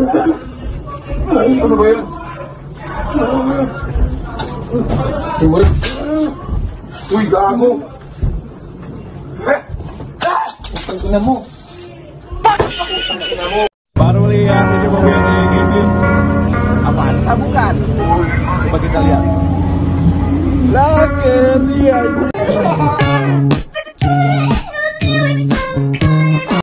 Ano ba Uy! gago! Baru lihat ini mobil kayak gini Apaan Coba kita lihat Lagi dia